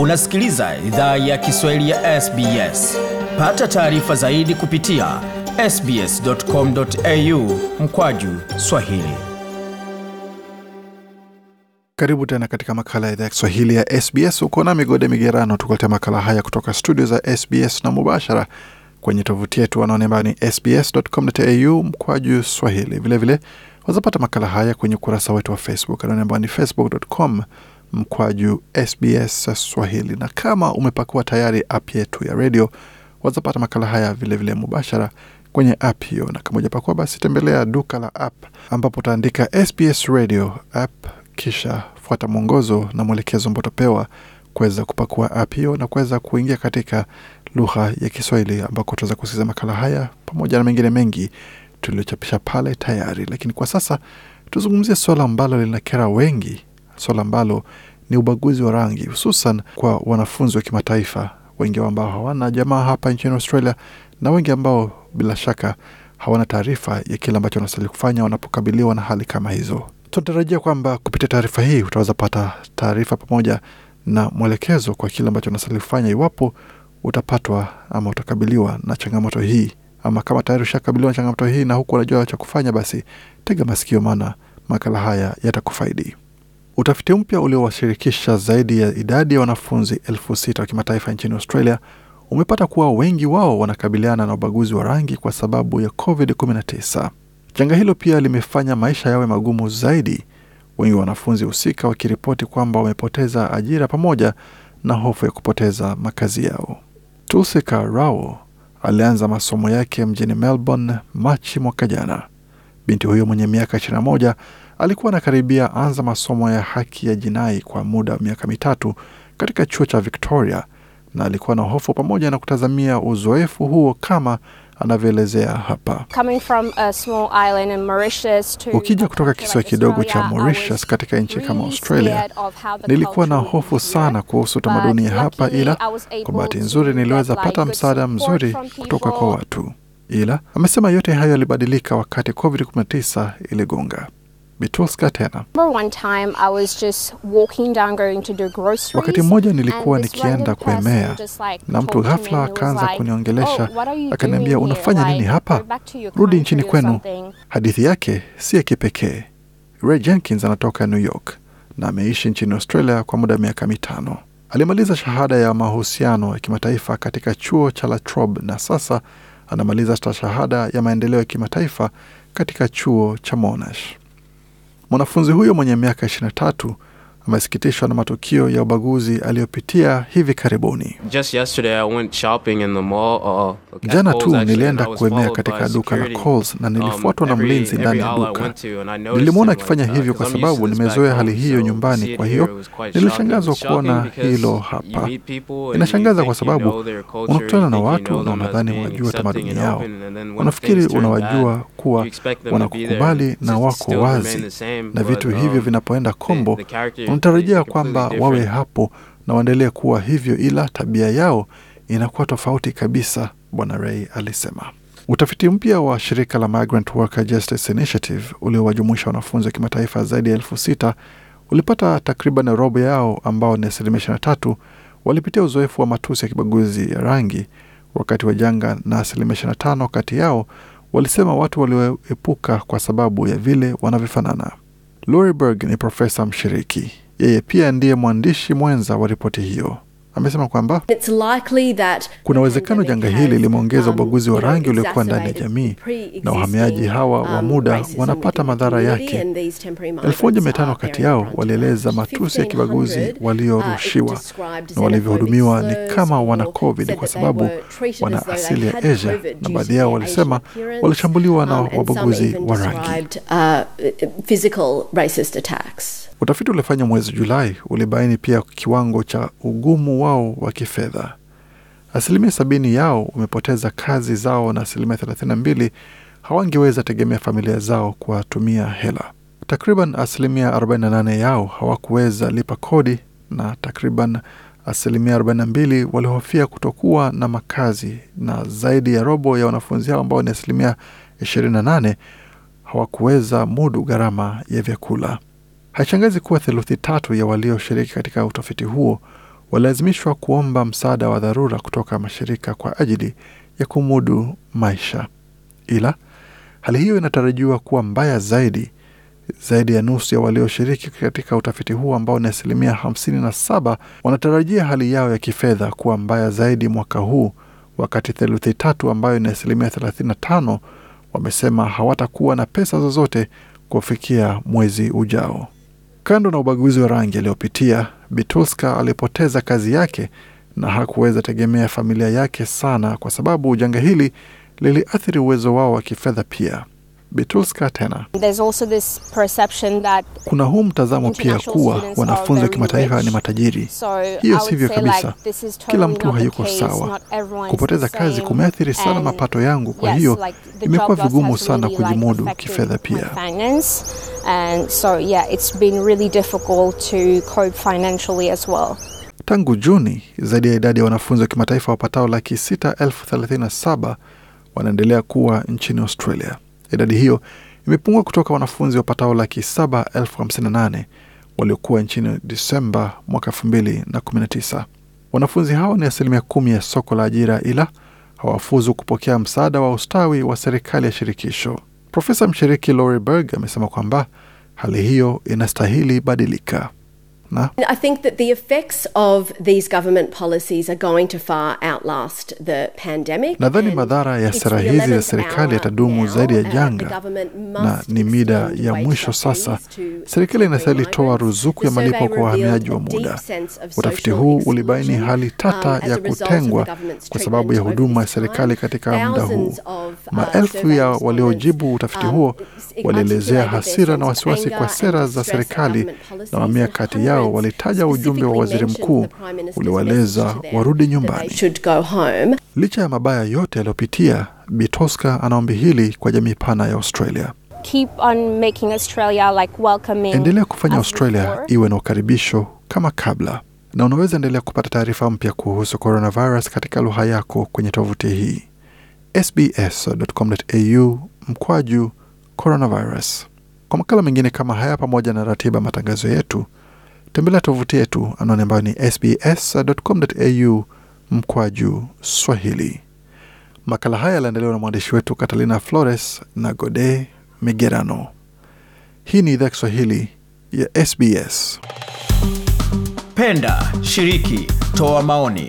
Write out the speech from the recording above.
Unasikiliza idhaa ya Kiswahili ya SBS. Pata taarifa zaidi kupitia sbs.com.au mkwaju swahili. Karibu tena katika makala ya idhaa ya Kiswahili ya SBS. Uko na Migode Migerano tukuletea makala haya kutoka studio za SBS na mubashara kwenye tovuti yetu ni sbs.com.au mkwaju swahili. Vilevile wazapata makala haya kwenye ukurasa wetu wa Facebook ni facebook.com mkwaju SBS Swahili, na kama umepakua tayari app yetu ya redio wazapata makala haya vilevile vile mubashara kwenye app hiyo, na kama ujapakua basi tembelea duka la app ambapo utaandika SBS Radio app, kisha fuata mwongozo na mwelekezo ambao utapewa kuweza kupakua app hiyo na kuweza kuingia katika lugha ya Kiswahili ambako utaweza kusikiza makala haya pamoja na mengine mengi tuliochapisha pale tayari. Lakini kwa sasa tuzungumzie suala ambalo linakera wengi swala ambalo ni ubaguzi wa rangi, hususan kwa wanafunzi wa kimataifa, wengi wao ambao hawana jamaa hapa nchini Australia na wengi ambao bila shaka hawana taarifa ya kile ambacho wanastahili kufanya wanapokabiliwa na hali kama hizo. Tunatarajia kwamba kupitia taarifa hii utaweza pata taarifa pamoja na mwelekezo kwa kile ambacho unastahili kufanya iwapo utapatwa ama utakabiliwa na changamoto hii, ama kama tayari ushakabiliwa na changamoto hii na huku unajua cha kufanya, basi tega masikio, maana makala haya yatakufaidi. Utafiti mpya uliowashirikisha zaidi ya idadi ya wanafunzi elfu sita wa kimataifa nchini Australia umepata kuwa wengi wao wanakabiliana na ubaguzi wa rangi kwa sababu ya COVID-19. Janga hilo pia limefanya maisha yawe magumu zaidi, wengi wa wanafunzi husika wakiripoti kwamba wamepoteza ajira pamoja na hofu ya kupoteza makazi yao. Tulsika Rao alianza masomo yake mjini Melbourne Machi mwaka jana. Binti huyo mwenye miaka 21 alikuwa anakaribia anza masomo ya haki ya jinai kwa muda wa miaka mitatu katika chuo cha Victoria, na alikuwa na hofu pamoja na kutazamia uzoefu huo kama anavyoelezea hapa. ukija kutoka kisiwa kidogo cha Mauritius katika nchi kama Australia, nilikuwa na hofu sana kuhusu utamaduni hapa, ila kwa bahati nzuri niliweza pata msaada mzuri kutoka kwa watu. Ila amesema yote hayo yalibadilika wakati COVID-19 iligonga bitulska tena. Wakati mmoja nilikuwa nikienda kuemea na mtu ghafla akaanza kuniongelesha oh, akaniambia unafanya nini hapa? Rudi nchini kwenu. Hadithi yake si ya kipekee. Ray Jenkins anatoka New York na ameishi nchini Australia kwa muda wa miaka mitano. Alimaliza shahada ya mahusiano ya kimataifa katika chuo cha La Trobe na sasa anamaliza stashahada ya maendeleo ya kimataifa katika chuo cha Monash. Mwanafunzi huyo mwenye miaka 23 amesikitishwa na matukio ya ubaguzi aliyopitia hivi karibuni. Uh, Jana tu nilienda kuemea katika duka la Coles na nilifuatwa na um, mlinzi ndani ya duka. Nilimwona akifanya uh, hivyo kwa sababu nimezoea hali hiyo nyumbani, kwa hiyo nilishangazwa kuona hilo hapa. Inashangaza kwa sababu unakutana na watu na unadhani unajua tamaduni yao, unafikiri unawajua kuwa wanakukubali na wako wazi, na vitu um, hivyo vinapoenda kombo, unatarajia kwamba wawe hapo na waendelee kuwa hivyo, ila tabia yao inakuwa tofauti kabisa, Bwana Ray alisema. Utafiti mpya wa shirika la Migrant Worker Justice Initiative uliowajumuisha wanafunzi wa kimataifa zaidi ya elfu sita ulipata takriban robo yao ambao ni asilimia ishirini na tatu walipitia uzoefu wa matusi ya kibaguzi ya rangi wakati wa janga na asilimia ishirini na tano kati yao Walisema watu walioepuka kwa sababu ya vile wanavyofanana. Lori Berg ni profesa mshiriki, yeye pia ndiye mwandishi mwenza wa ripoti hiyo amesema kwamba kuna uwezekano janga hili limeongeza um, ubaguzi wa rangi uliokuwa ndani ya jamii na wahamiaji hawa wa um, muda wanapata madhara yake. Elfu moja mia tano uh, kati yao walieleza matusi ya kibaguzi uh, waliorushiwa na walivyohudumiwa ni kama wana COVID kwa sababu wana asili ya Asia, na baadhi yao walisema walishambuliwa na um, wabaguzi wa rangi. Utafiti uliofanywa mwezi Julai ulibaini pia kiwango cha ugumu wao wa kifedha. Asilimia sabini yao wamepoteza kazi zao na asilimia thelathini na mbili hawangeweza tegemea familia zao kuwatumia hela. Takriban asilimia 48 yao hawakuweza lipa kodi na takriban asilimia 42 walihofia kutokuwa na makazi, na zaidi ya robo ya wanafunzi hao ambao ni asilimia 28 hawakuweza mudu gharama ya vyakula. Haishangazi kuwa theluthi tatu ya walioshiriki katika utafiti huo walilazimishwa kuomba msaada wa dharura kutoka mashirika kwa ajili ya kumudu maisha, ila hali hiyo inatarajiwa kuwa mbaya zaidi. Zaidi ya nusu ya walioshiriki katika utafiti huo ambao ni asilimia 57 wanatarajia hali yao ya kifedha kuwa mbaya zaidi mwaka huu, wakati theluthi tatu ambayo ni asilimia 35 wamesema hawatakuwa na pesa zozote kufikia mwezi ujao. Kando na ubaguzi wa rangi aliyopitia, Bitulska alipoteza kazi yake na hakuweza tegemea familia yake sana, kwa sababu janga hili liliathiri uwezo wao wa kifedha pia. Betulska tena. Kuna huu mtazamo pia kuwa wanafunzi wa kimataifa ni matajiri. So, hiyo sivyo kabisa. Like, kila mtu hayuko sawa. Kupoteza kazi kumeathiri sana mapato yangu, kwa yes, hiyo like, imekuwa vigumu sana really kujimudu like kifedha pia. So, yeah, really well. Tangu Juni zaidi ya idadi ya wanafunzi wa kimataifa wapatao laki sita elfu thelathini na saba wanaendelea kuwa nchini Australia. Idadi hiyo imepungua kutoka wanafunzi wapatao laki saba elfu hamsini na nane waliokuwa nchini disemba mwaka elfu mbili na kumi na tisa. Wanafunzi hao ni asilimia kumi ya soko la ajira, ila hawafuzu kupokea msaada wa ustawi wa serikali ya shirikisho. Profesa mshiriki Lori Berg amesema kwamba hali hiyo inastahili badilika. No. I think that the effects of these government policies are going to far outlast the pandemic. Nadhani madhara ya sera hizi za serikali yatadumu zaidi ya janga na ni mida ya mwisho sasa. Serikali inastahili toa ruzuku ya malipo kwa wahamiaji wa muda. Utafiti huu ulibaini hali tata uh, ya kutengwa kwa sababu ya huduma ya serikali katika muda huu. Maelfu ya waliojibu utafiti huo walielezea hasira na wasiwasi kwa sera za serikali, na mamia kati yao walitaja ujumbe wa waziri mkuu uliowaeleza warudi nyumbani. Licha ya mabaya yote yaliyopitia, Bitoska ombi hili kwa jamii pana ya Australia. Keep on making Australia like welcoming. Endelea kufanya Australia iwe na ukaribisho kama kabla, na unaweza endelea kupata taarifa mpya kuhusu coronavirus katika lugha yako kwenye tovuti hii sbs.com.au mkwaju coronavirus. Kwa makala mengine kama haya pamoja na ratiba matangazo yetu, tembelea tovuti yetu anaone ambayo ni sbs.com.au mkwaju swahili. Makala haya yaliandaliwa na mwandishi wetu Catalina Flores na Gode Migerano. Hii ni idhaa Kiswahili ya SBS. Penda, shiriki, toa maoni